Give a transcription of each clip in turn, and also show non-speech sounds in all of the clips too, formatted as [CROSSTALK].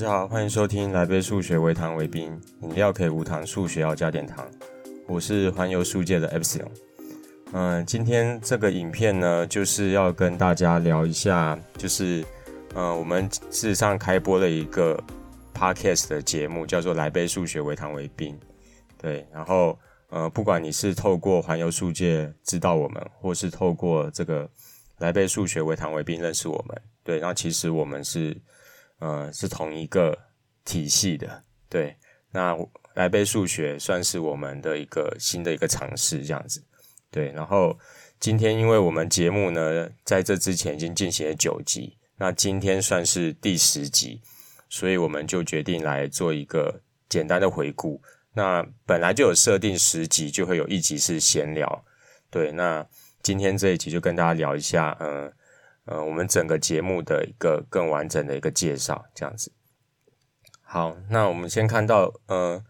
大家好，歡迎收聽《來杯數學微糖微冰》，飲料可以無糖，數學要加點糖。我是環遊數界的 Epsilon。嗯、呃，今天這個影片呢，就是要跟大家聊一下，就是嗯、呃，我們事實上開播了一個 podcast 的節目，叫做《來杯數學微糖微冰》。對，然後嗯、呃，不管你是透過環遊數界知道我們，或是透過這個《來杯數學微糖微冰》認識我們，對，那其實我們是。嗯、呃，是同一個體系的，對。那來杯數學算是我們的一個新的一個嘗試這樣子，對。然後今天因為我們節目呢，在這之前已經進行了九集，那今天算是第十集，所以我們就決定來做一個簡單的回顧。那本來就有設定十集就會有一集是閒聊，對。那今天這一集就跟大家聊一下，嗯、呃。呃、嗯，我們整個節目的一個更完整的一個介紹，這樣子。好，那我們先看到，呃、嗯，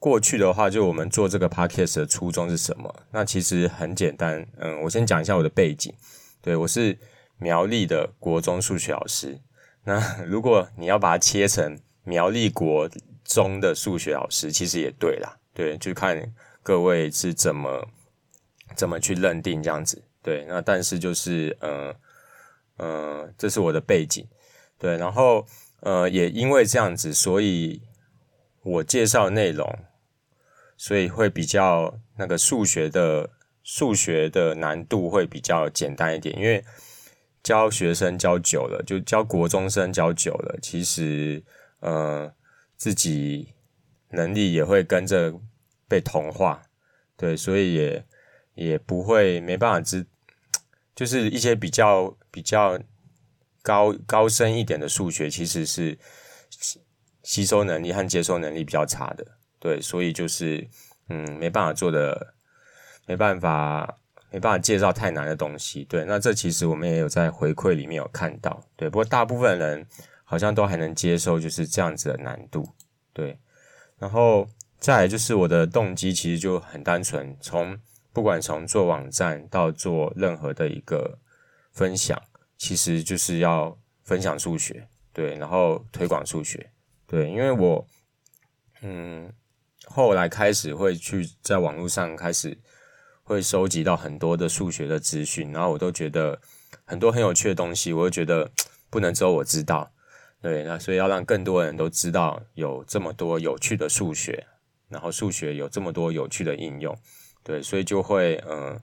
過去的話，就我們做這個 podcast 的初衷是什麼？那其實很簡單，嗯，我先講一下我的背景。對，我是苗栗的國中數學老師。那如果你要把它切成苗栗國中的數學老師，其實也對啦。對，就看各位是怎麼怎麼去認定這樣子。對，那但是就是，呃、嗯。嗯、呃，這是我的背景，對，然後呃，也因為這樣子，所以我介紹內容，所以會比較那個數學的數學的難度會比較簡單一點，因為教學生教久了，就教國中生教久了，其實呃自己能力也會跟着被同化，對，所以也也不會沒辦法知，就是一些比較。比較高高深一點的數學，其實是吸收能力和接收能力比較差的，對，所以就是嗯，沒辦法做的，沒辦法，沒辦法介紹太難的東西，對。那這其實我們也有在回饋裡面有看到，對。不過大部分人好像都還能接受就是這樣子的難度，對。然後再來就是我的動機其實就很單純，從不管從做網站到做任何的一個分享。其實就是要分享數學，對，然後推廣數學，對，因為我，嗯，後來開始會去在網絡上開始會收集到很多的數學的資訊，然後我都覺得很多很有趣的東西，我就覺得不能只有我知道，對，那所以要讓更多人都知道有這麼多有趣的數學，然後數學有這麼多有趣的應用，對，所以就會嗯、呃，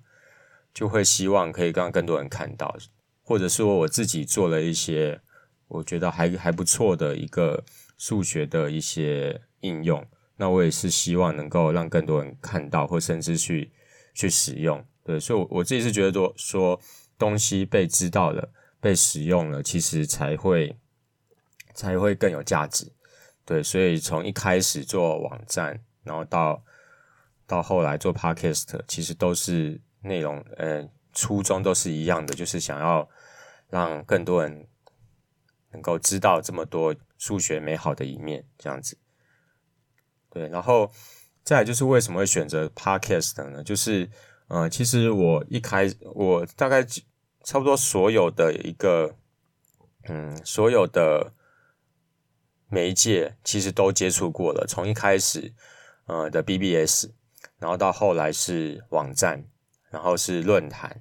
就會希望可以讓更多人看到。或者說我自己做了一些，我覺得還還不錯的一個數學的一些應用。那我也是希望能夠讓更多人看到，或甚至去去使用。對，所以我，我我自己是覺得說說東西被知道了、被使用了，其實才會才會更有價值。對，所以從一開始做網站，然後到到後來做 podcast，其實都是內容，呃，初衷都是一樣的，就是想要。讓更多人能夠知道這麼多數學美好的一面，這樣子。對，然後再來就是為什麼會選擇 Podcast 的呢？就是呃，其實我一開我大概差不多所有的一個嗯所有的媒介其實都接觸過了，從一開始呃的 BBS，然後到後來是網站，然後是論壇，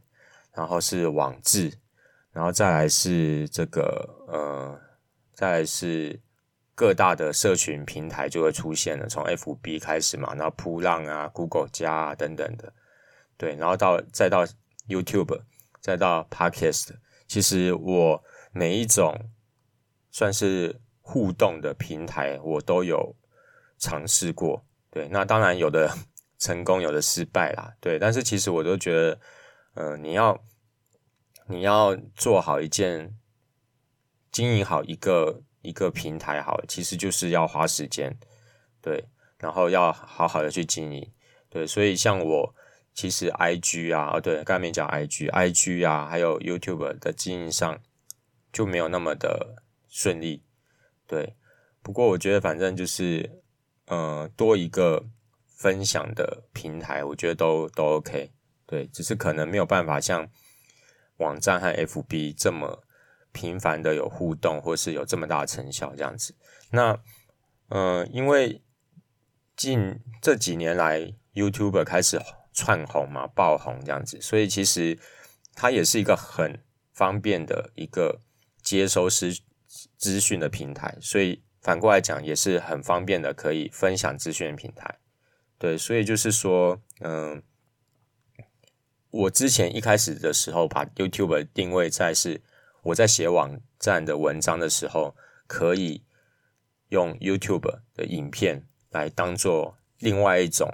然後是網誌。然後再來是這個，呃，再來是各大的社群平台就會出現了，從 FB 開始嘛，然後噗浪啊、Google 加啊等等的，對，然後到再到 YouTube，再到 Podcast，其實我每一種算是互動的平台，我都有嘗試過，對，那當然有的成功，有的失敗啦，對，但是其實我都覺得，嗯、呃，你要。你要做好一件，經營好一個一個平台，好，其實就是要花時間，對，然後要好好的去經營，對，所以像我其實 I G 啊，哦對，剛才沒講 I G，I G 啊，還有 YouTube 的經營上就沒有那麼的順利，對，不過我覺得反正就是，嗯、呃，多一個分享的平台，我覺得都都 OK，對，只是可能沒有辦法像。網站和 FB 這麼頻繁的有互動，或是有這麼大的成效，這樣子，那嗯、呃，因為近這幾年來 YouTuber 開始竄紅嘛，爆紅這樣子，所以其實它也是一個很方便的一個接收資資訊的平台，所以反過來講，也是很方便的可以分享資訊的平台，對，所以就是說，嗯、呃。我之前一開始的時候，把 YouTube 定位在是我在寫網站的文章的時候，可以用 YouTube 的影片來當做另外一種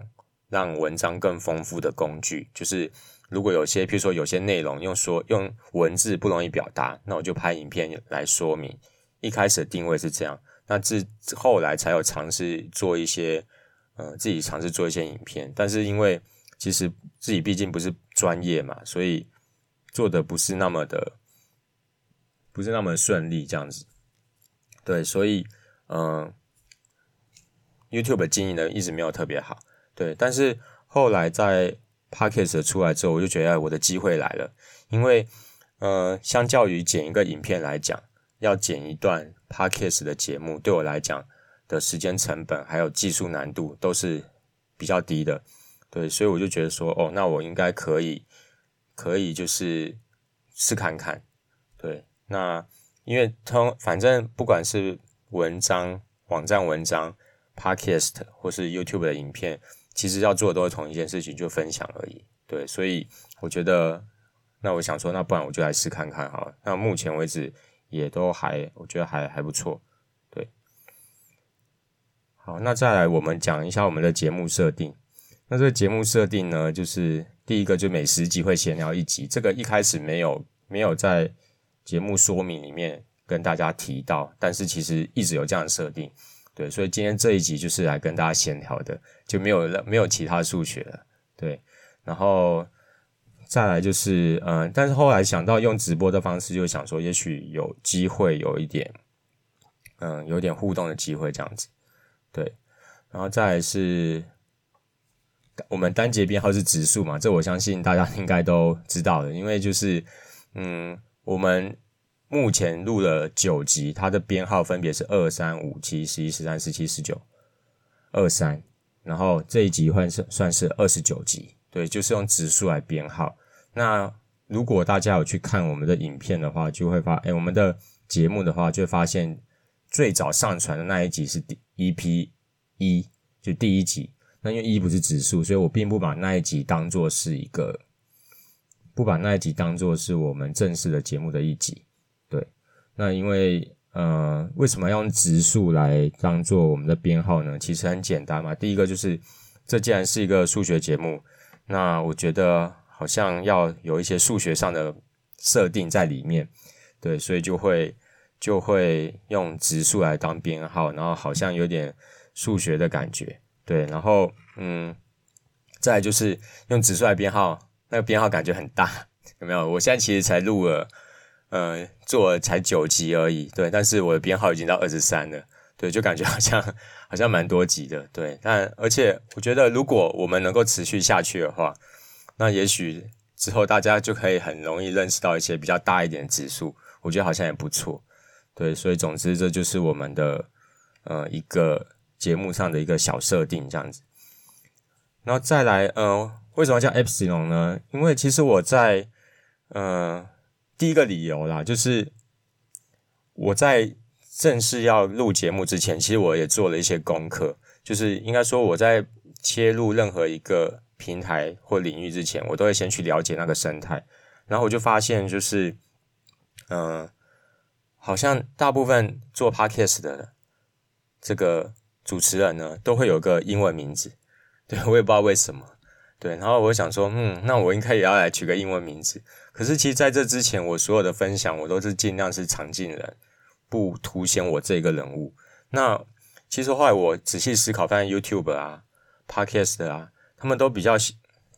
讓文章更豐富的工具。就是如果有些，譬如說有些內容用說用文字不容易表達，那我就拍影片來說明。一開始的定位是這樣，那這後來才有嘗試做一些，呃，自己嘗試做一些影片，但是因為。其實自己畢竟不是專業嘛，所以做的不是那麼的，不是那麼的順利這樣子。對，所以嗯，YouTube 的經營呢，一直沒有特別好。對，但是後來在 Podcast 出來之後，我就覺得我的機會來了。因為呃、嗯，相較於剪一個影片來講，要剪一段 Podcast 的節目，對我來講的時間成本還有技術難度都是比較低的。對，所以我就覺得說，哦，那我應該可以，可以就是試看看，對。那因為通反正不管是文章、網站文章、Podcast 或是 YouTube 的影片，其實要做的都是同一件事情，就分享而已。對，所以我覺得，那我想說，那不然我就來試看看哈。那目前為止也都還我覺得還還不錯，對。好，那再來我們講一下我們的節目設定。那這個節目設定呢，就是第一個就每十集會閒聊一集，這個一開始沒有沒有在節目說明裡面跟大家提到，但是其實一直有這樣的設定，對，所以今天這一集就是來跟大家閒聊的，就沒有沒有其他數學了，對，然後再來就是，嗯，但是後來想到用直播的方式，就想說也許有機會有一點，嗯，有點互動的機會這樣子，對，然後再來是。我們單節編號是質數嘛，這我相信大家應該都知道的，因為就是，嗯，我們目前錄了九集，它的編號分別是二三五七十一十三十七十九二三，然後這一集換算算是二十九集，對，就是用質數來編號。那如果大家有去看我們的影片的話，就會發，哎，我們的節目的話，就會發現最早上傳的那一集是 EP1，就第一集，那因為 e 不是質數，所以我並不把那一集當做是一個，不把那一集當做是我們正式的節目的一集。對，那因為，呃，為什麼要用質數來當做我們的編號呢？其實很簡單嘛。第一個就是，這既然是一個數學節目，那我覺得好像要有一些數學上的設定在裡面。對，所以就會就會用質數來當編號，然後好像有點數學的感覺。對，然後嗯，再就是用指數來編號，那個編號感覺很大，有沒有？我現在其實才錄了，呃，做了才九集而已，對。但是我的編號已經到二十三了，對，就感覺好像好像蠻多集的，對。但而且我覺得，如果我們能夠持續下去的話，那也許之後大家就可以很容易認識到一些比較大一點的指數，我覺得好像也不錯，對。所以總之，這就是我們的呃一個。節目上的一個小設定這樣子，然後再來，嗯、呃，為什麼叫 ε 呢？因為其實我在，嗯、呃，第一個理由啦，就是我在正式要錄節目之前，其實我也做了一些功課，就是應該說我在切入任何一個平台或領域之前，我都會先去了解那個生態，然後我就發現就是，嗯、呃，好像大部分做 podcast 的這個。主持人呢，都會有個英文名字，對，我也不知道為什麼。對，然後我想說，嗯，那我應該也要來取個英文名字。可是其實在這之前，我所有的分享，我都是盡量是藏鏡人，不凸顯我這個人物。那其實後來我仔細思考，發現 YouTube 啊、Podcast 啊，他們都比較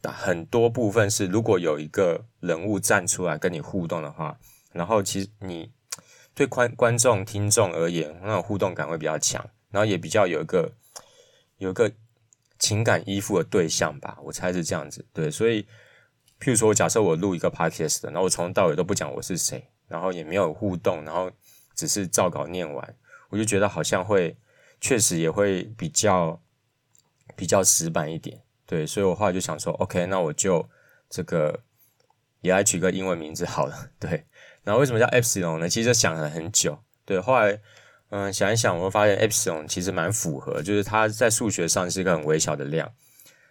很多部分是，如果有一個人物站出來跟你互動的話，然後其實你對觀觀眾、聽眾而言，那種互動感會比較強。然後也比較有一個有一個情感依附的對象吧，我猜是這樣子。對，所以譬如說，我假設我錄一個 podcast，然後我從頭到尾都不講我是誰，然後也沒有互動，然後只是照稿念完，我就覺得好像會確實也會比較比較死板一點。對，所以我後來就想說，OK，那我就這個也來取個英文名字好了。對，然後為什麼叫 Epsilon 呢？其實想了很久。對，後來。嗯，想一想，我會發現 epsilon 其實蠻符合，就是它在數學上是一個很微小的量，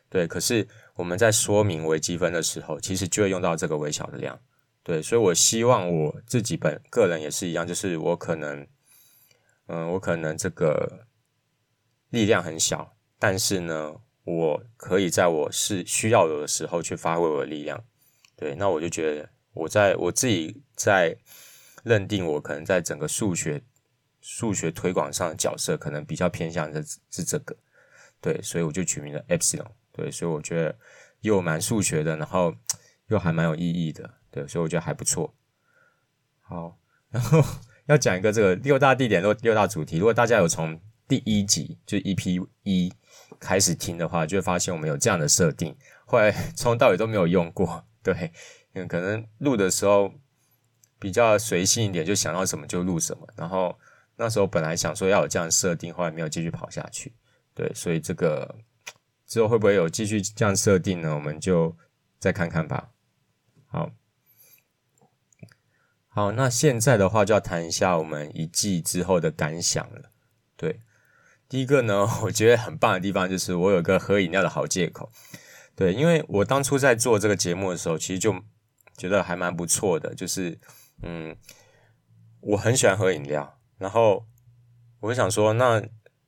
對。可是我們在說明微積分的時候，其實就會用到這個微小的量，對。所以我希望我自己本個人也是一樣，就是我可能，嗯，我可能這個力量很小，但是呢，我可以在我是需要有的時候去發揮我的力量，對。那我就覺得我在我自己在認定我可能在整個數學。數學推廣上的角色可能比較偏向的是是這個，對，所以我就取名了 Epsilon，對，所以我覺得又蠻數學的，然後又還蠻有意義的，對，所以我覺得還不錯。好，然後要講一個這個六大地點六,六大主題，如果大家有從第一集就 EP 一開始聽的話，就會發現我們有這樣的設定，後來從頭到尾都沒有用過，對，因為可能錄的時候比較隨性一點，就想到什麼就錄什麼，然後。那時候本來想說要有這樣設定，後來沒有繼續跑下去。對，所以這個之後會不會有繼續這樣設定呢？我們就再看看吧。好，好，那現在的話就要談一下我們一季之後的感想了。對，第一個呢，我覺得很棒的地方就是我有個喝飲料的好借口。對，因為我當初在做這個節目的時候，其實就覺得還蠻不錯的，就是嗯，我很喜歡喝飲料。然後我就想說，那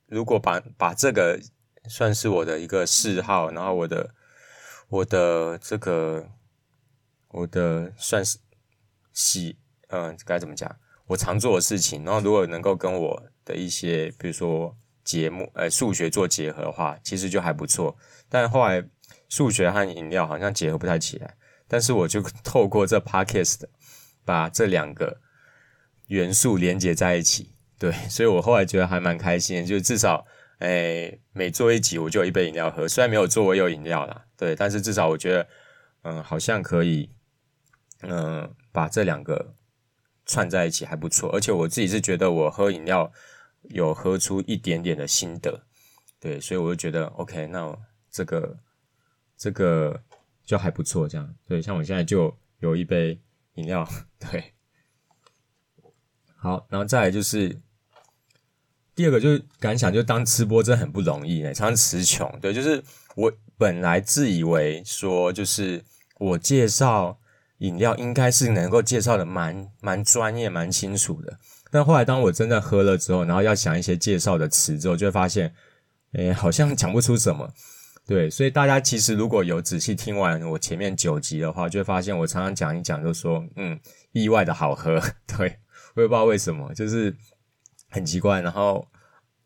如果把把這個算是我的一個嗜好，然後我的我的這個我的算是喜，嗯、呃，該怎麼講？我常做的事情，然後如果能夠跟我的一些，比如說節目，呃，數學做結合的話，其實就還不錯。但後來數學和飲料好像結合不太起來，但是我就透過這 podcast 把這兩個元素連接在一起，對，所以我後來覺得還蠻開心，就是至少，哎、欸，每做一集我就有一杯飲料喝，雖然沒有做我有飲料啦，對，但是至少我覺得，嗯，好像可以，嗯、呃，把這兩個串在一起還不錯，而且我自己是覺得我喝飲料有喝出一點點的心得，對，所以我就覺得 OK，那這個這個就還不錯，這樣，對，像我現在就有一杯飲料，對。好，然後再來就是第二個，就是感想，就當吃播真的很不容易哎，常常詞窮。對，就是我本來自以為說，就是我介紹飲料應該是能夠介紹的蠻蠻專業、蠻清楚的。但後來當我真的喝了之後，然後要想一些介紹的詞之後，就會發現，哎，好像講不出什麼。對，所以大家其實如果有仔細聽完我前面九集的話，就會發現我常常講一講就說，嗯，意外的好喝，對。我也不知道為什麼，就是很奇怪。然後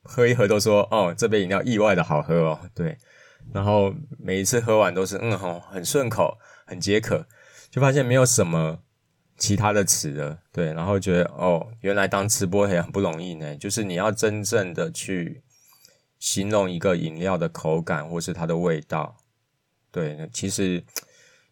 喝一喝都說：“哦，這杯飲料意外的好喝哦。”對。然後每一次喝完都是“嗯吼、哦”，很順口，很解渴，就發現沒有什麼其他的詞了。對。然後覺得：“哦，原來當吃播也很不容易呢。”就是你要真正的去形容一個飲料的口感，或是它的味道。對，其實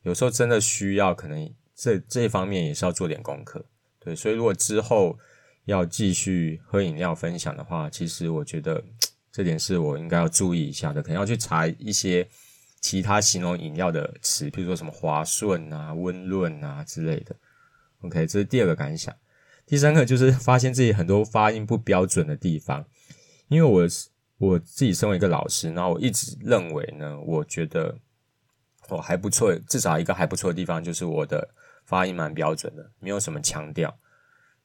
有時候真的需要，可能這這一方面也是要做點功課。對，所以如果之後要繼續喝飲料分享的話，其實我覺得這點是我應該要注意一下的，可能要去查一些其他形容飲料的詞，比如說什麼滑順啊、溫潤啊之類的。OK，這是第二個感想。第三個就是發現自己很多發音不標準的地方，因為我我自己身為一個老師，那我一直認為呢，我覺得我、哦、還不錯，至少一個還不錯的地方就是我的。發音蠻標準的，沒有什麼腔調，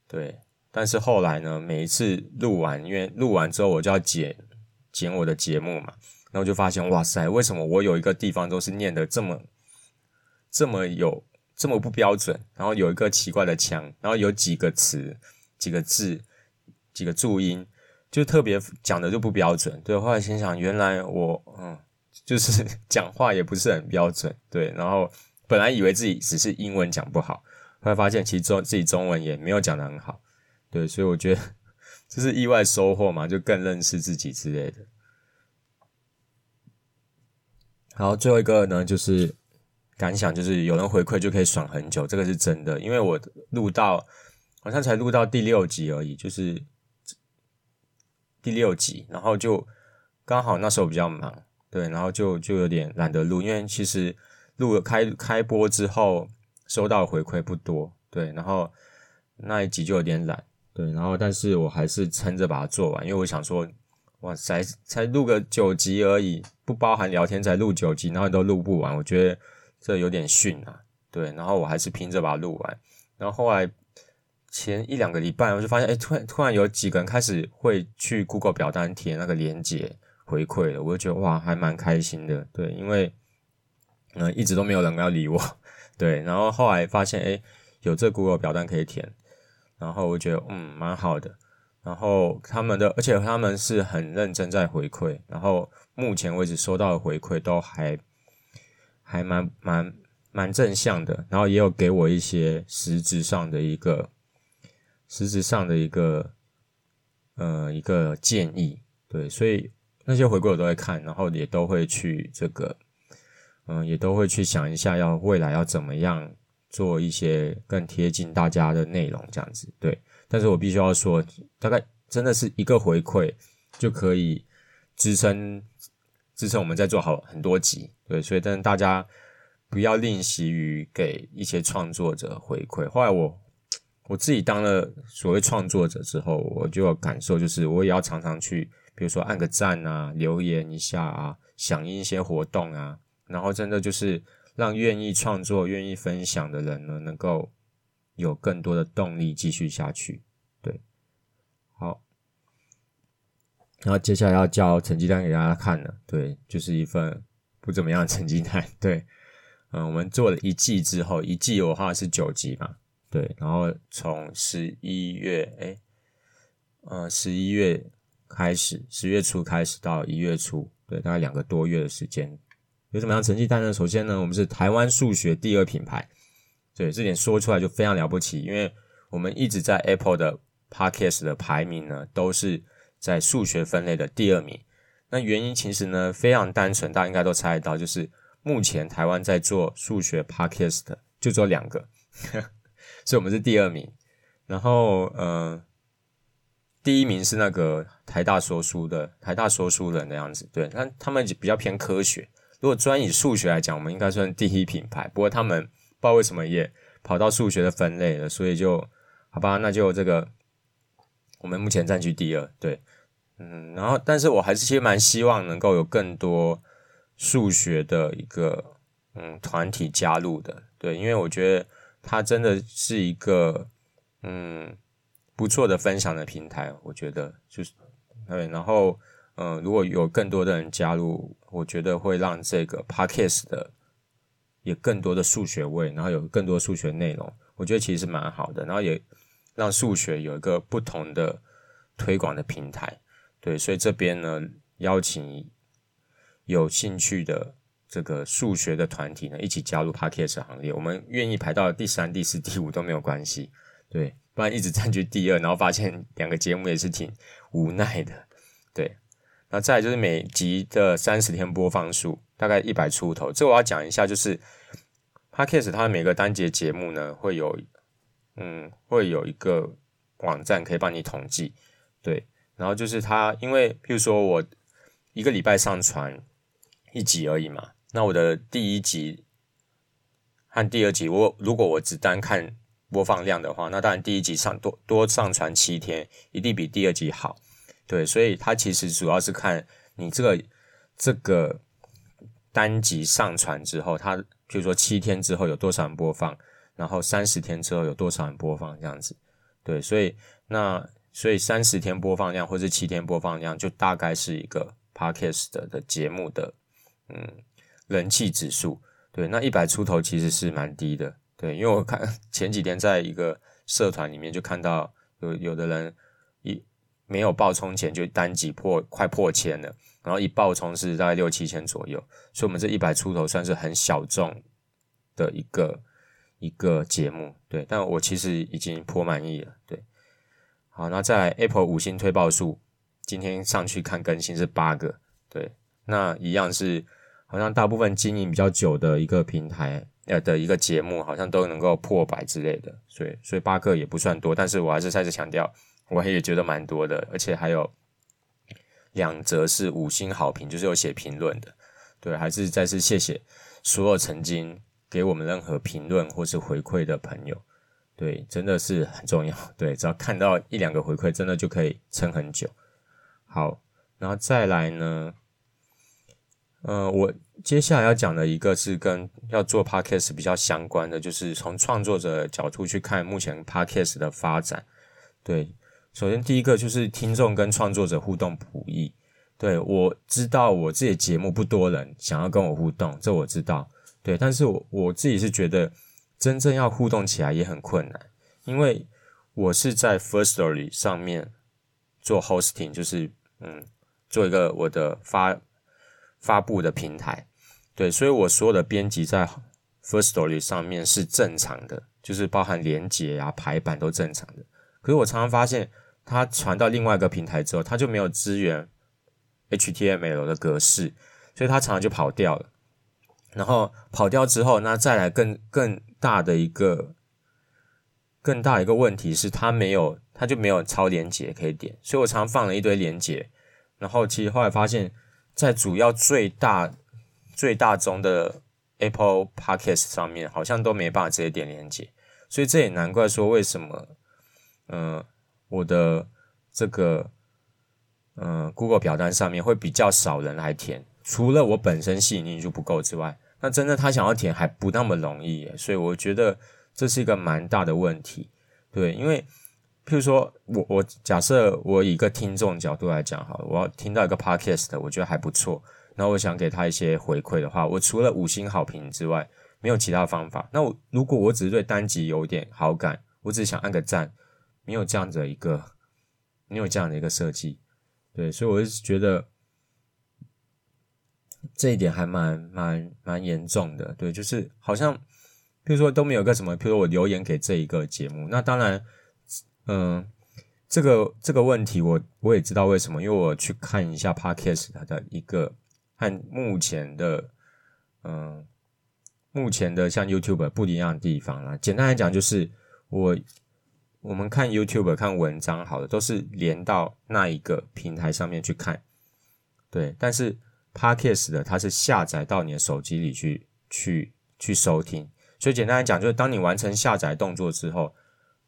對。但是後來呢，每一次錄完，因為錄完之後我就要剪剪我的節目嘛，然後就發現哇塞，為什麼我有一個地方都是念得這麼這麼有這麼不標準，然後有一個奇怪的腔，然後有幾個詞、幾個字、幾個注音，就特別講的就不標準。對，後來心想，原來我嗯，就是講話也不是很標準，對，然後。本來以為自己只是英文講不好，後來發現其實中自己中文也沒有講得很好，對，所以我覺得這是意外收穫嘛，就更認識自己之類的。好，最後一個呢就是感想，就是有人回饋就可以爽很久，這個是真的，因為我錄到好像才錄到第六集而已，就是第六集，然後就剛好那時候比較忙，對，然後就就有點懶得錄，因為其實。錄了開開播之後，收到回饋不多，對，然後那一集就有點懶，對，然後但是我還是撐着把它做完，因為我想說，哇塞，才錄個九集而已，不包含聊天才錄九集，然後都錄不完，我覺得這有點遜啊，對，然後我還是拼着把它錄完，然後後來前一兩個禮拜，我就發現，哎、欸，突然突然有幾個人開始會去 Google 表單填那個連結回饋了，我就覺得哇，還蠻開心的，對，因為。嗯，一直都沒有人要理我，對。然後後來發現，哎，有這 Google 表單可以填，然後我覺得嗯，蠻好的。然後他們的，而且他們是很認真在回饋。然後目前為止收到的回饋都還還蠻蠻蠻，蠻正向的。然後也有給我一些實質上的一個實質上的一個呃一個建議。對，所以那些回饋我都會看，然後也都會去這個。嗯，也都會去想一下，要未來要怎麼樣做一些更貼近大家的內容，這樣子對。但是我必須要說，大概真的是一個回饋就可以支撐支撐我們在做好很多集，對，所以但是大家不要吝惜於給一些創作者回饋。後來我我自己當了所謂創作者之後，我就有感受就是我也要常常去，比如說按個讚啊，留言一下啊，響應一些活動啊。然後真的就是讓願意創作、願意分享的人呢，能夠有更多的動力繼續下去。對，好，然後接下來要交成績單給大家看了。對，就是一份不怎麼樣的成績單。對，嗯，我們做了一季之後，一季的話是九集嘛？對，然後從十一月，哎，嗯、呃，十一月開始，十月初開始到一月初，對，大概兩個多月的時間。有什麼樣成績單呢？首先呢，我們是台灣數學第二品牌，對，這點說出來就非常了不起，因為我們一直在 Apple 的 Podcast 的排名呢，都是在數學分類的第二名。那原因其實呢非常單純，大家應該都猜得到，就是目前台灣在做數學 Podcast 的就做兩個， [LAUGHS] 所以我們是第二名。然後，嗯、呃，第一名是那個台大說書的，台大說書人的樣子，對，但他們比較偏科學。如果專以數學來講，我們應該算第一品牌。不過他們不知道為什麼也跑到數學的分類了，所以就好吧。那就這個，我們目前佔據第二。對，嗯，然後但是我還是其實蠻希望能夠有更多數學的一個嗯團體加入的。對，因為我覺得它真的是一個嗯不錯的分享的平台。我覺得就是對，然後。嗯，如果有更多的人加入，我覺得會讓這個 Podcast 的也更多的數學味，然後有更多數學內容，我覺得其實是蠻好的。然後也讓數學有一個不同的推廣的平台。對，所以這邊呢，邀請有興趣的這個數學的團體呢，一起加入 Podcast 行列。我們願意排到第三、第四、第五都沒有關係。對，不然一直佔據第二，然後發現兩個節目也是挺無奈的。對。那再來就是每集的三十天播放數，大概一百出頭。這我要講一下，就是 Podcast 它每個單節節目呢會有，嗯，會有一個網站可以幫你統計，對。然後就是它，因為比如說我一個禮拜上傳一集而已嘛，那我的第一集和第二集我，我如果我只單看播放量的話，那當然第一集上多多上傳七天，一定比第二集好。對，所以它其實主要是看你這個這個單集上傳之後，它比如說七天之後有多少人播放，然後三十天之後有多少人播放這樣子。對，所以那所以三十天播放量或者七天播放量就大概是一個 podcast 的、的節目的嗯人氣指數。對，那一百出頭其實是蠻低的。對，因為我看前幾天在一個社團裡面就看到有有的人。沒有爆衝前就單集破快破千了，然後一爆衝是大概六七千左右，所以我們這一百出頭算是很小眾的一個一個節目，對，但我其實已經頗滿意了，對。好，那在 Apple 五星推爆數今天上去看更新是八個，對，那一樣是好像大部分經營比較久的一個平台呃的一個節目，好像都能夠破百之類的，所以所以八個也不算多，但是我還是再次強調。我也覺得蠻多的，而且還有兩則是五星好評，就是有寫評論的。對，還是再次謝謝所有曾經給我們任何評論或是回饋的朋友。對，真的是很重要。對，只要看到一兩個回饋，真的就可以撐很久。好，然後再來呢？嗯、呃，我接下來要講的一個是跟要做 Podcast 比較相關的，就是從創作者角度去看目前 Podcast 的發展。對。首先，第一個就是聽眾跟創作者互動不易。對，我知道，我自己節目不多人想要跟我互動，這我知道。對，但是我我自己是覺得，真正要互動起來也很困難，因為我是在 First Story 上面做 Hosting，就是嗯，做一個我的發發布的平台。對，所以我所有的編輯在 First Story 上面是正常的，就是包含連結啊、排版都正常的。可是我常常發現。它傳到另外一個平台之後，它就沒有支援 HTML 的格式，所以它常常就跑掉了。然後跑掉之後，那再來更更大的一個更大一個問題是，它沒有它就沒有超連接可以點。所以我常常放了一堆連接，然後其實後來發現，在主要最大最大宗的 Apple Podcast 上面，好像都沒辦法直接點連接，所以這也難怪說為什麼，嗯、呃。我的這個嗯，Google 表單上面會比較少人來填，除了我本身吸引力就不夠之外，那真的他想要填還不那麼容易，所以我覺得這是一個蠻大的問題，對，因為譬如說我我假設我以一個聽眾角度來講，哈，我要聽到一個 podcast 的，我覺得還不錯，那我想給他一些回饋的話，我除了五星好評之外，沒有其他方法。那我如果我只是對單集有點好感，我只是想按個讚。你有這樣子的一個，你有這樣的一個設計，對，所以我就覺得這一點還蠻蠻蠻嚴重的，對，就是好像比如說都沒有個什麼，比如說我留言給這一個節目，那當然，嗯、呃，這個這個問題我我也知道為什麼，因為我去看一下 Podcast 它的一個和目前的，嗯、呃，目前的像 YouTube 不一樣的地方啦，簡單來講就是我。我們看 YouTube、看文章好了，好的都是連到那一個平台上面去看，對。但是 Podcast 的，它是下載到你的手機裡去、去、去收聽。所以簡單來講，就是當你完成下載動作之後，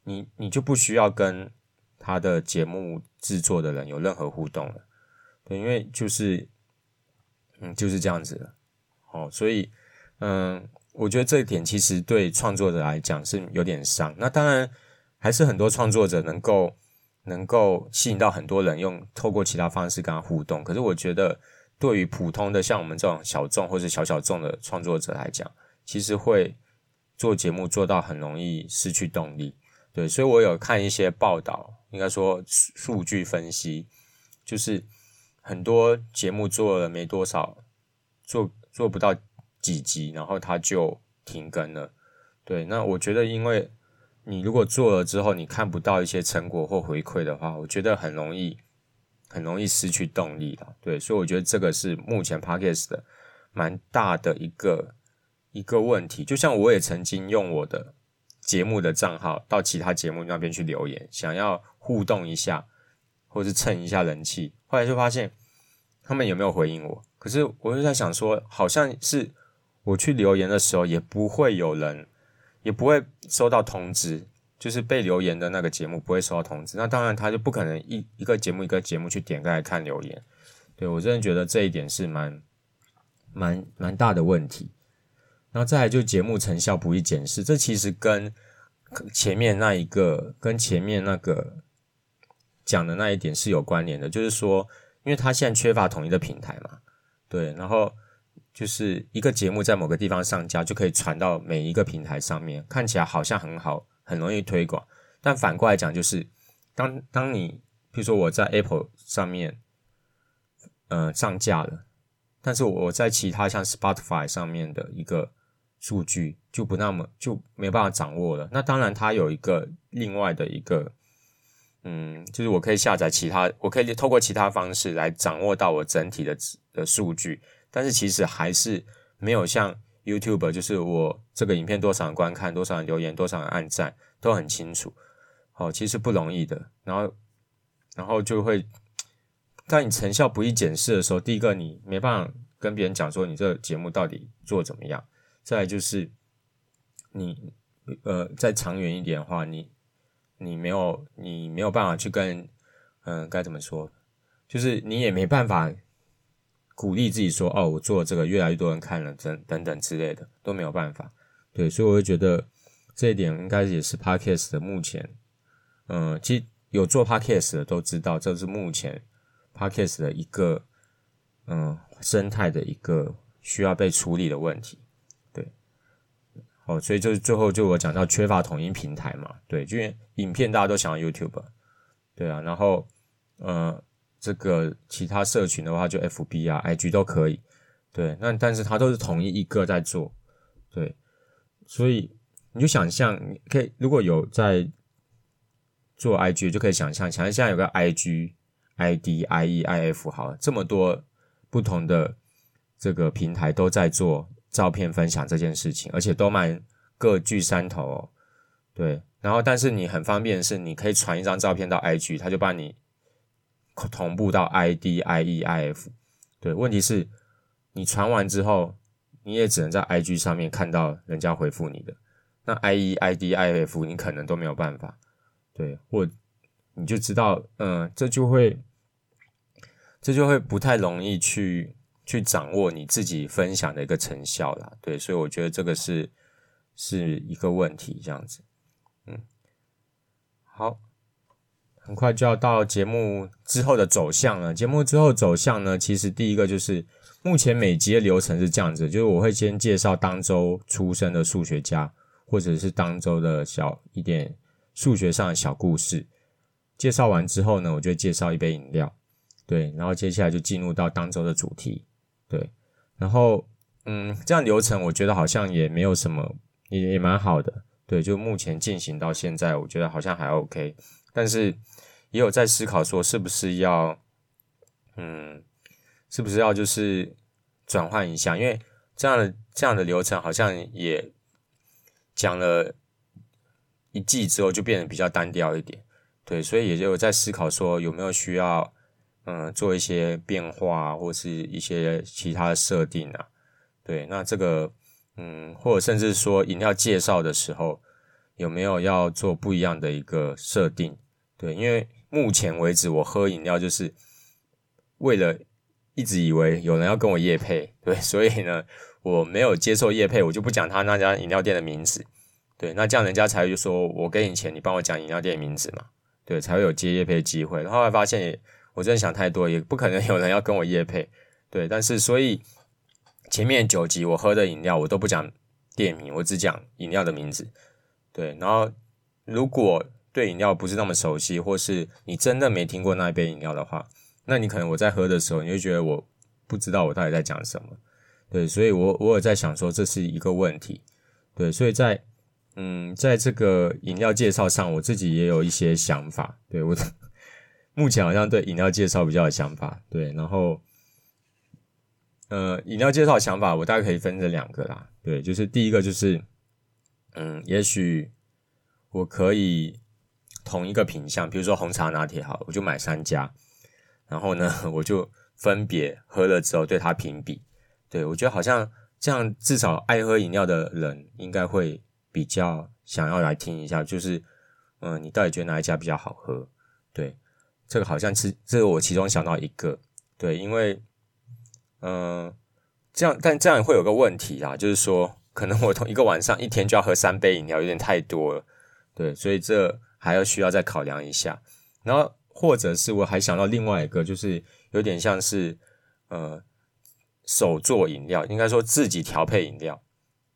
你你就不需要跟他的節目製作的人有任何互動了，對，因為就是嗯就是這樣子了。哦。所以嗯，我覺得這一點其實對創作者來講是有點傷。那當然。還是很多創作者能夠能夠吸引到很多人用透過其他方式跟他互動，可是我覺得對於普通的像我們這種小眾或者小小眾的創作者來講，其實會做節目做到很容易失去動力。對，所以我有看一些報道，應該說數據分析，就是很多節目做了沒多少，做做不到幾集，然後他就停更了。對，那我覺得因為。你如果做了之後你看不到一些成果或回饋的話，我覺得很容易很容易失去動力啦，對，所以我覺得這個是目前 Podcast 的蠻大的一個一個問題。就像我也曾經用我的節目的賬號到其他節目那邊去留言，想要互動一下，或是蹭一下人氣，後來就發現他們有沒有回應我。可是我就在想說，好像是我去留言的時候也不會有人。也不會收到通知，就是被留言的那個節目不會收到通知。那當然他就不可能一一個節目一個節目去點開來看留言。對，我真的覺得這一點是蠻蠻蠻大的問題。然後再來就節目成效不易檢視，這其實跟前面那一個跟前面那個講的那一點是有關聯的，就是說，因為他現在缺乏統一的平台嘛，對，然後。就是一個節目在某個地方上架，就可以傳到每一個平台上面，看起來好像很好，很容易推廣。但反過來講，就是當當你，比如說我在 Apple 上面，嗯，呃，上架了，但是我在其他像 Spotify 上面的一個數據就不那麼就沒辦法掌握了。那當然，它有一個另外的一個，嗯，就是我可以下載其他，我可以透過其他方式來掌握到我整體的的數據。但是其實還是沒有像 YouTube，就是我這個影片多少人觀看、多少人留言、多少人按讚都很清楚。哦，其實不容易的。然後，然後就會，當你成效不易檢視的時候，第一個你沒辦法跟別人講說你這個節目到底做怎麼樣。再來就是你，你呃再長遠一點的話，你你沒有你沒有辦法去跟嗯、呃、該怎麼說，就是你也沒辦法。鼓勵自己說：“哦，我做這個，越來越多人看了，等等等之類的都沒有辦法。”對，所以我會覺得這一點應該也是 Podcast 的目前，嗯，其實有做 Podcast 的都知道，這是目前 Podcast 的一個，嗯，生態的一個需要被處理的問題。對，好，所以就是最後就我講到缺乏統一平台嘛，對，就因為影片大家都想要 YouTube，對啊，然後，嗯。這個其他社群的話，就 F B 啊、I G 都可以，對。那但是它都是同一一個在做，對。所以你就想象，你可以如果有在做 I G，就可以想象，想象有個 I G、I D、I E、I F，好，這麼多不同的這個平台都在做照片分享這件事情，而且都蠻各據山頭、哦，對。然後但是你很方便是，你可以傳一張照片到 I G，它就幫你。同步到 I D I E I F，對，問題是，你傳完之後，你也只能在 I G 上面看到人家回復你的，那 I E I D I F 你可能都沒有辦法，對，或你就知道，嗯、呃，這就會，這就會不太容易去去掌握你自己分享的一個成效啦，對，所以我覺得這個是是一個問題，這樣子，嗯，好。很快就要到節目之後的走向了。節目之後走向呢，其實第一個就是目前每集的流程是這樣子：就是我會先介紹當周出生的數學家，或者是當周的小一點數學上的小故事。介紹完之後呢，我就介紹一杯飲料，對，然後接下來就進入到當周的主題，對，然後嗯，這樣的流程我覺得好像也沒有什麼，也也蠻好的，對，就目前進行到現在，我覺得好像還 OK。但是也有在思考說，是不是要嗯，是不是要就是轉換一下，因為這樣的這樣的流程好像也講了一季之後就變得比較單調一點，對，所以也就有在思考說有沒有需要嗯做一些變化或是一些其他的設定啊，對，那這個嗯，或者甚至說飲料介紹的時候。有沒有要做不一樣的一個設定？對，因為目前為止我喝飲料就是為了一直以為有人要跟我業配。對，所以呢，我沒有接受業配，我就不講他那家飲料店的名字，對，那這樣人家才會說我給你錢，你幫我講飲料店名字嘛，對，才會有接業配的機會。後，後來發現，我真的想太多，也不可能有人要跟我業配，對，但是所以前面九集我喝的飲料我都不講店名，我只講飲料的名字。對，然後如果對飲料不是那麼熟悉，或是你真的沒聽過那一杯飲料的話，那你可能我在喝的時候，你就覺得我不知道我到底在講什麼。對，所以我我有在想說這是一個問題。對，所以在嗯，在這個飲料介紹上，我自己也有一些想法。對，我目前好像對飲料介紹比較有想法。對，然後呃，飲料介紹的想法我大概可以分成兩個啦。對，就是第一個就是。嗯，也許我可以同一個品項，比如說紅茶拿鐵，好，我就買三家，然後呢，我就分別喝了之後，對它評比。對，我覺得好像這樣，至少愛喝飲料的人應該會比較想要來聽一下，就是嗯，你到底覺得哪一家比較好喝？對，這個好像是這個我其中想到一個。對，因為嗯，這樣但這樣會有個問題啦，就是說。可能我同一個晚上一天就要喝三杯飲料，有點太多了，對，所以這還要需要再考量一下。然後或者是我還想到另外一個，就是有點像是呃手做飲料，應該說自己調配飲料，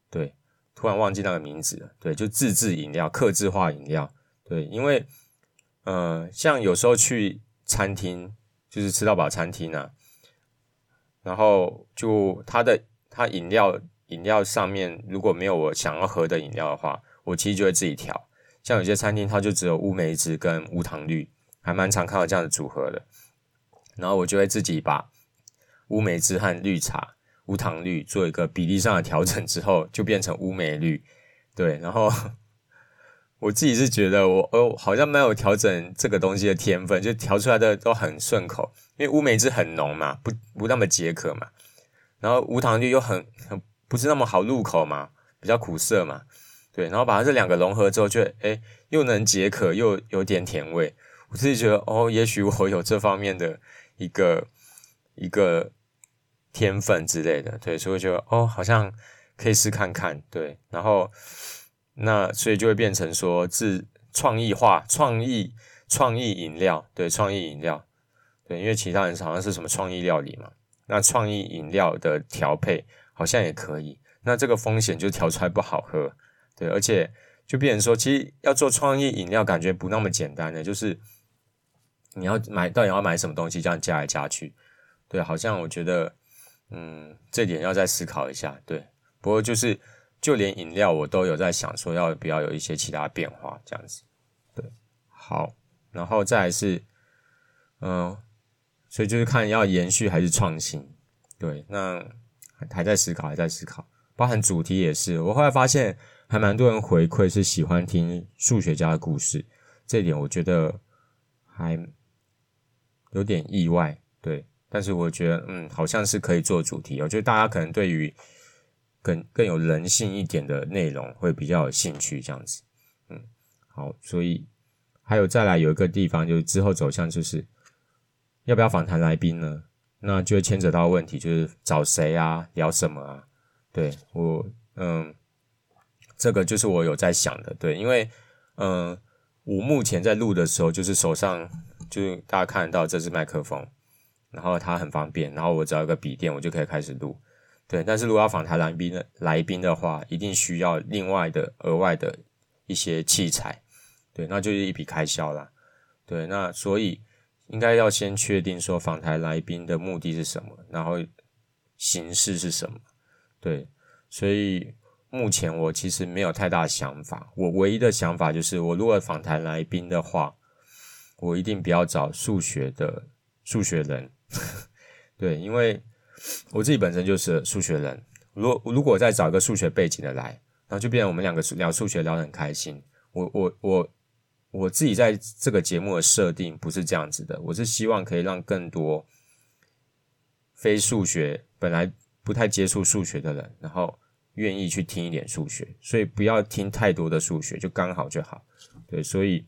對，突然忘記那個名字了，對，就自制飲料、客製化飲料，對，因為呃像有時候去餐廳，就是吃到飽餐廳啊，然後就它的它飲料。飲料上面如果沒有我想要喝的飲料的話，我其實就會自己調。像有些餐廳，它就只有烏梅汁跟無糖綠，還蠻常看到這樣的組合的。然後我就會自己把烏梅汁和綠茶、無糖綠做一個比例上的調整之後，就變成烏梅綠。對，然後我自己是覺得我哦，好像蠻有調整這個東西的天分，就調出來的都很順口。因為烏梅汁很濃嘛，不不那麼解渴嘛。然後無糖綠又很很。不是那麼好入口嘛，比較苦澀嘛，對，然後把它這兩個融合之後就會，就、欸、誒又能解渴，又有點甜味。我自己覺得哦，也許我有這方面的一個一個天分之類的，對，所以覺得哦，好像可以試看看，對，然後那所以就會變成說是創意化、創意創意飲料，對，創意飲料，對，因為其他人好像是什麼創意料理嘛，那創意飲料的調配。好像也可以，那這個風險就調出來不好喝，對，而且就變成說，其實要做創意飲料，感覺不那麼簡單的，就是你要買到底要買什麼東西，這樣加來加去，對，好像我覺得，嗯，這點要再思考一下，對。不過就是就連飲料我都有在想，說要不要有一些其他變化這樣子，對。好，然後再來是，嗯，所以就是看要延續還是創新，對，那。還在思考，還在思考，包含主題也是。我後來發現，還蠻多人回饋是喜歡聽數學家的故事，這一點我覺得還有點意外，對。但是我覺得，嗯，好像是可以做主題哦。我覺得大家可能對於更更有人性一點的內容會比較有興趣，這樣子。嗯，好，所以還有再來有一個地方就是之後走向，就是要不要訪談來賓呢？那就會牽扯到問題，就是找誰啊，聊什麼啊？對，我，嗯，這個就是我有在想的，對，因為，嗯，我目前在錄的時候，就是手上就是大家看得到這隻麥克風，然後它很方便，然後我只要一個筆電，我就可以開始錄，對。但是，如果要訪談來賓的來賓的話，一定需要另外的額外的一些器材，對，那就是一筆開銷啦。對，那所以。應該要先確定說訪談來賓的目的是什麼，然後形式是什麼，對，所以目前我其實沒有太大的想法。我唯一的想法就是，我如果訪談來賓的話，我一定不要找數學的數學人，呵呵對，因為我自己本身就是數學人。如果如果再找一個數學背景的來，然後就變成我們兩個聊，聊數學聊得很開心。我我我。我我自己在這個節目的設定不是這樣子的，我是希望可以讓更多非數學本來不太接觸數學的人，然後願意去聽一點數學，所以不要聽太多的數學，就剛好就好。對，所以，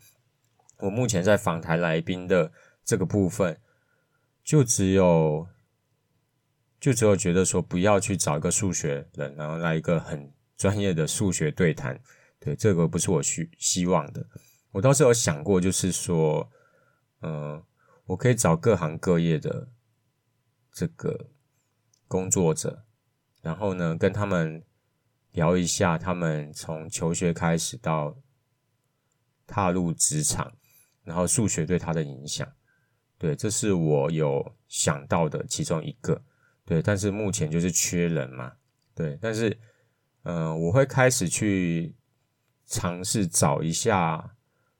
我目前在訪談來賓的這個部分，就只有就只有覺得說不要去找一個數學人，然後來一個很專業的數學對談，對，這個不是我希望的。我倒是有想過，就是說，嗯、呃，我可以找各行各業的這個工作者，然後呢，跟他們聊一下，他們從求學開始到踏入職場，然後數學對他的影響。對，這是我有想到的其中一個。對，但是目前就是缺人嘛。對，但是，嗯、呃，我會開始去嘗試找一下。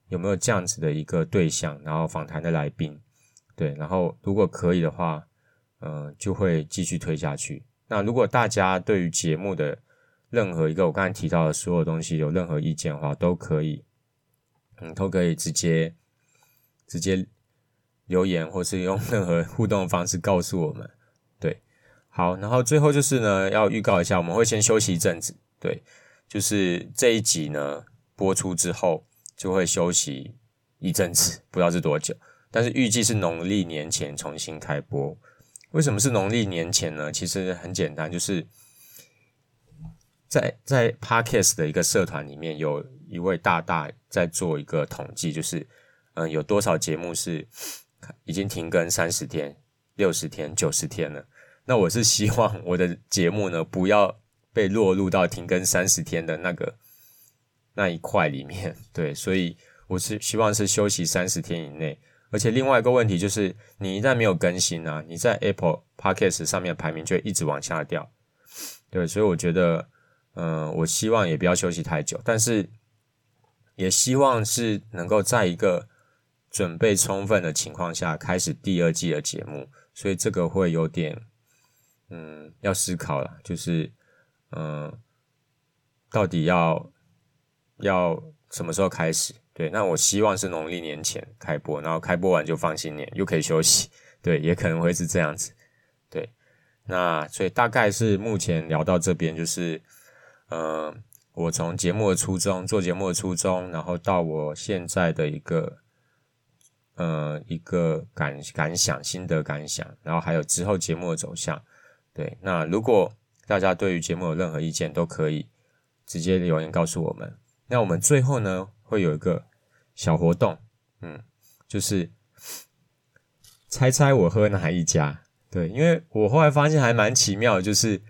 有沒有這樣子的一個對象，然後訪談的來賓，對，然後如果可以的話，嗯、呃，就會繼續推下去。那如果大家對於節目的任何一個我剛才提到的所有東西有任何意見的話，都可以，嗯，都可以直接直接留言，或是用任何互動方式告訴我們。對，好，然後最後就是呢，要預告一下，我們會先休息一陣子，對，就是這一集呢播出之後，就會休息一陣子，不知道是多久，但是預計是農曆年前重新開播。為什麼是農曆年前呢？其實很簡單，就是在在 Podcast 的一個社團裡面，有一位大大在做一個統計，就是嗯，有多少節目是已經停更三十天、六十天、九十天了？那我是希望我的節目呢，不要被落入到停更三十天的那個。那一塊裡面，對，所以我是希望是休息三十天以內，而且另外一個問題就是，你一旦沒有更新啊，你在 Apple Podcast 上面的排名就一直往下掉，對，所以我覺得，嗯、呃，我希望也不要休息太久，但是也希望是能夠在一個準備充分的情況下開始第二季的節目，所以這個會有點，嗯，要思考了，就是，嗯、呃，到底要。要什麼時候開始？對，那我希望是農曆年前開播，然後開播完就放新年，又可以休息。對，也可能會是這樣子。對，那所以大概是目前聊到這邊，就是嗯、呃，我從節目的初衷，做節目的初衷，然後到我現在的一個嗯、呃、一個感感想、心得感想，然後還有之後節目的走向。對，那如果大家對於節目有任何意見，都可以直接留言告訴我們。那我們最後呢，會有一個小活動，嗯，就是猜猜我喝哪一家？對，因為我後來發現還蠻奇妙的，就是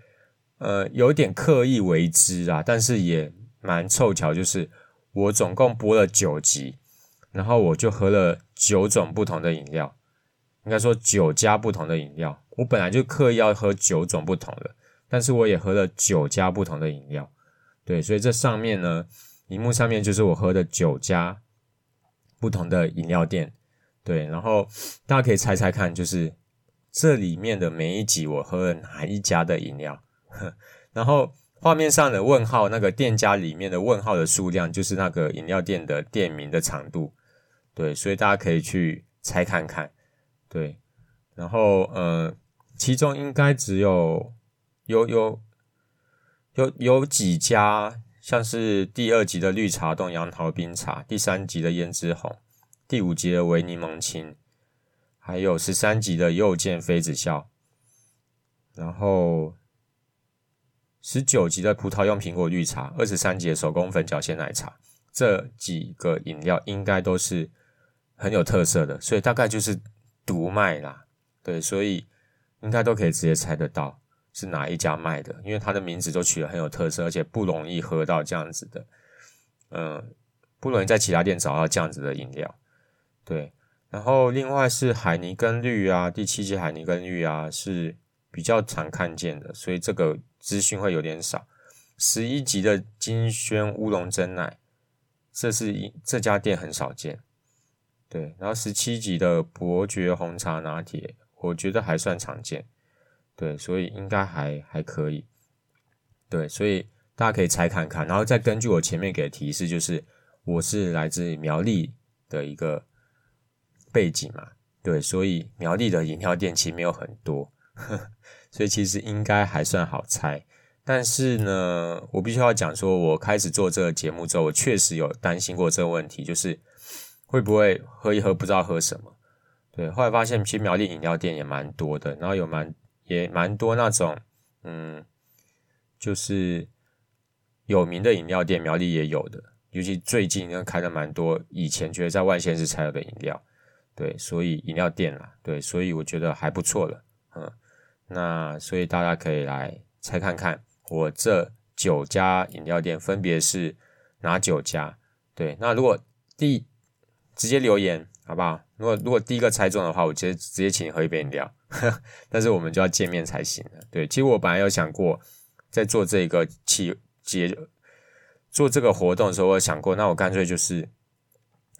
呃有點刻意為之啊，但是也蠻湊巧，就是我總共播了九集，然後我就喝了九種不同的飲料，應該說九家不同的飲料。我本來就刻意要喝九種不同的，但是我也喝了九家不同的飲料，對，所以這上面呢。屏幕上面就是我喝的九家不同的飲料店，對，然後大家可以猜猜看，就是這裡面的每一集我喝了哪一家的飲料。然後畫面上的問號，那個店家裡面的問號的數量，就是那個飲料店的店名的長度，對，所以大家可以去猜看看，對，然後嗯、呃，其中應該只有有有有有幾家。像是第二集的綠茶凍楊桃冰茶，第三集的胭脂紅，第五集的維檸檬青，還有十三集的又見妃子笑，然後十九集的葡萄用蘋果綠茶，二十三集的手工粉角鮮奶茶，這幾個飲料應該都是很有特色的，所以大概就是獨賣啦。對，所以應該都可以直接猜得到。是哪一家賣的？因為它的名字都取得很有特色，而且不容易喝到這樣子的，嗯，不容易在其他店找到這樣子的飲料。對，然後另外是海尼根綠啊，第七集海尼根綠啊是比較常看見的，所以這個資訊會有點少。十一集的金萱烏龍珍奶，這是一，這家店很少見。對，然後十七集的伯爵紅茶拿鐵，我覺得還算常見。對，所以應該還還可以。對，所以大家可以猜看看，然後再根據我前面給的提示，就是我是來自苗栗的一個背景嘛。對，所以苗栗的飲料店其實沒有很多，呵呵，所以其實應該還算好猜。但是呢，我必須要講說，我開始做這個節目之後，我確實有擔心過這個問題，就是會不會喝一喝不知道喝什麼。對，後來發現其實苗栗飲料店也蠻多的，然後有蠻。也蠻多那種，嗯，就是有名的飲料店，苗栗也有的，尤其最近呢，開的蠻多，以前覺得在外縣市才有的飲料，對，所以飲料店啦，對，所以我覺得還不錯了，嗯，那所以大家可以來猜看看，我這九家飲料店分別是哪九家？對，那如果第直接留言，好不好？如果如果第一個猜中的話，我直接直接請你喝一杯飲料，呵呵，但是我們就要見面才行。對，其實我本來有想過，在做這個氣節做這個活動的時候，我想過，那我乾脆就是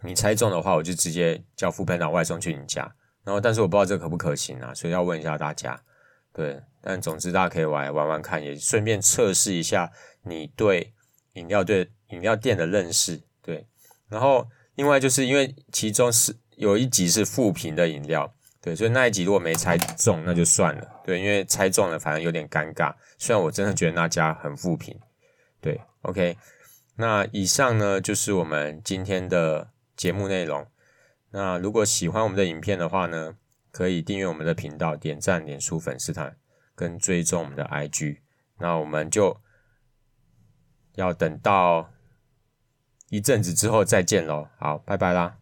你猜中的話，我就直接叫 foodpanda 外送去你家。然後，但是我不知道這可不可行啊，所以要問一下大家。對，但總之大家可以玩玩玩看，也順便測試一下你對飲料、對飲料店的認識。對，然後另外就是因為其中是。有一集是負評的飲料，對，所以那一集如果沒猜中，那就算了，對，因為猜中了反而有點尷尬，雖然我真的覺得那家很負評，對，OK，那以上呢就是我們今天的節目內容，那如果喜歡我們的影片的話呢，可以訂閱我們的頻道、點讚、臉書粉絲團跟追蹤我們的 IG，那我們就要等到一陣子之後再見嘍，好，拜拜啦。